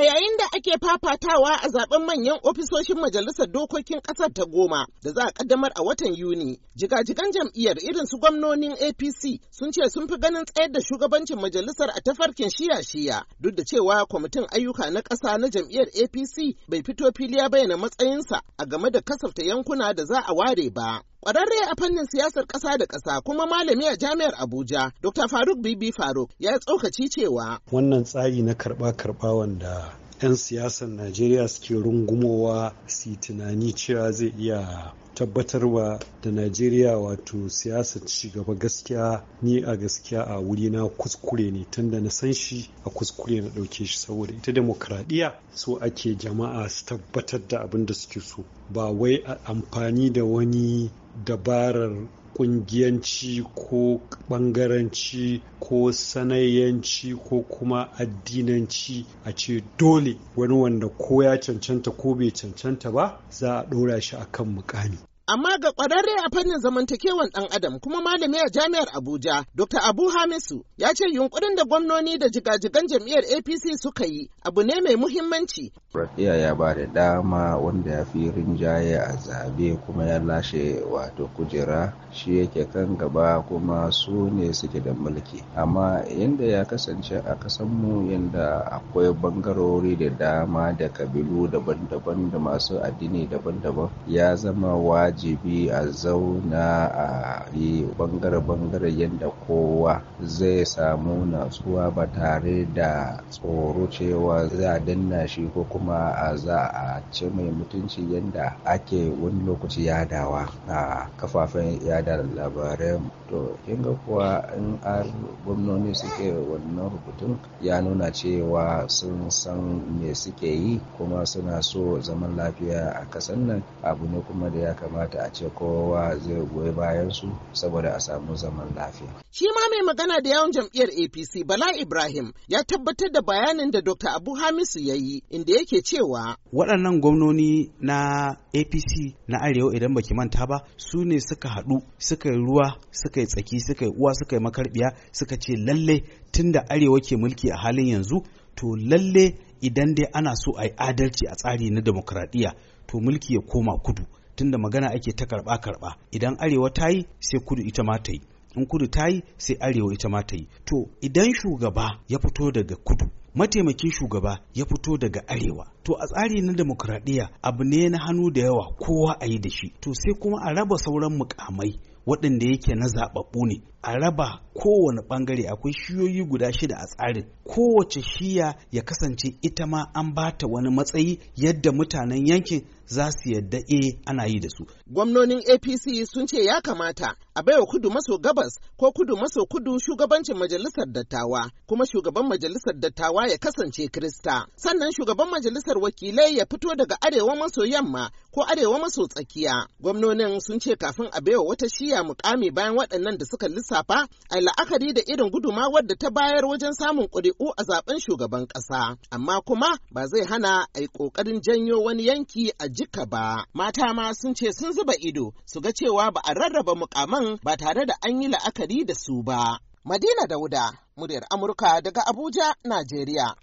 A yayin da ake fafatawa a zaben manyan ofisoshin Majalisar Dokokin Ƙasar ta goma da za a ƙaddamar a watan Yuni, jigajigan jam'iyyar irin su gwamnonin APC sun ce sun fi ganin tsayar da shugabancin majalisar a tafarkin shiya-shiya duk da cewa kwamitin ayyuka na ƙasa na jam'iyyar APC bai fito fili ya bayyana matsayinsa a game da kasafta yankuna da za a ware ba. Kwararre a fannin siyasar ƙasa da ƙasa kuma malami a jami'ar Abuja, Dr. Faruk Bibi Faruk ya tsokaci cewa. Wannan tsari na karɓa-karɓa wanda 'yan siyasar najeriya suke rungumowa su tunani cewa zai iya tabbatarwa da najeriya wato siyasar gaba gaskiya ni a gaskiya a wuri na kuskure ne tunda na san shi a kuskure na ɗauke shi saboda ita demokradiyya so ake jama'a su tabbatar da abin da suke so ba wai amfani da wani dabarar kungiyanci ko bangaranci ko sanayyanci ko kuma addinanci a ce dole wani wanda ko ya cancanta ko bai cancanta ba za a ɗora shi a kan mukami amma ga ƙwararre a fannin zamantakewan ɗan adam kuma malami a jami'ar Abuja, Dr. Abu Hamisu ya ce yunkurin da gwamnoni da jigajigan jam'iyyar APC suka yi abu ne mai muhimmanci. Rafiya ya ba da dama wanda ya fi rinjaye a zabe kuma ya lashe wato kujera shi yake kan gaba kuma su ne suke da mulki. Amma yadda ya kasance a mu yadda akwai bangarori da dama da kabilu daban-daban da masu addini daban-daban ya zama waje. wajibi a zauna a yi bangare-bangare yadda kowa zai samu natsuwa ba tare da tsoro cewa za a danna shi ko kuma a za a ce mai mutunci yadda ake wani lokaci yadawa a kafafen yada labarai to kinga kuwa in an gwamnoni suke wannan rubutun ya nuna cewa sun san me suke yi kuma suna so zaman lafiya a kasan nan abu ne kuma da ya kamata kamata a ce kowa zai goyi bayan su saboda a samu zaman lafiya. Shi ma mai magana da yawon jam'iyyar APC Bala Ibrahim ya tabbatar da bayanin da Dr. Abu Hamisu ya yi inda yake cewa. Waɗannan gwamnoni na APC na Arewa idan baki manta ba su ne suka haɗu suka yi ruwa suka yi tsaki suka yi uwa suka yi makarbiya suka ce lalle tunda Arewa ke mulki a halin yanzu to lalle idan dai ana so a yi adalci a tsari na demokradiyya to mulki ya koma kudu tunda magana ake ta karba karba idan arewa ta yi sai kudu ita ma ta yi in kudu ta yi sai arewa ita ma ta yi to idan shugaba ya fito daga kudu mataimakin shugaba ya fito daga arewa to a tsari na demokradiyya abu ne na hannu da yawa kowa a yi da shi to sai kuma a raba sauran mukamai waɗanda yake na zaɓaɓɓu ne a raba kowane ɓangare akwai shiyoyi guda shida a tsarin kowace shiya ya kasance ita ma an bata wani matsayi yadda mutanen yankin za su yadda e eh, ana yi da su. Gwamnonin APC sun ce ya kamata a baiwa kudu maso gabas ko kudu maso kudu shugabancin majalisar dattawa kuma shugaban majalisar dattawa ya kasance Krista. Sannan shugaban majalisar wakilai ya fito daga arewa maso yamma ko arewa maso tsakiya. Gwamnonin sun ce kafin a baiwa wata shiya naɗa mukami bayan waɗannan da suka lissafa a la'akari da irin guduma wadda ta bayar wajen samun ƙuri'u a zaben shugaban ƙasa. Amma kuma ba zai hana ai yi ƙoƙarin janyo wani yanki a jika ba. Mata ma sun ce sun zuba ido su ga cewa ba a rarraba mukaman ba tare da an yi la'akari da su ba. Madina Dauda, muryar Amurka daga Abuja, Najeriya.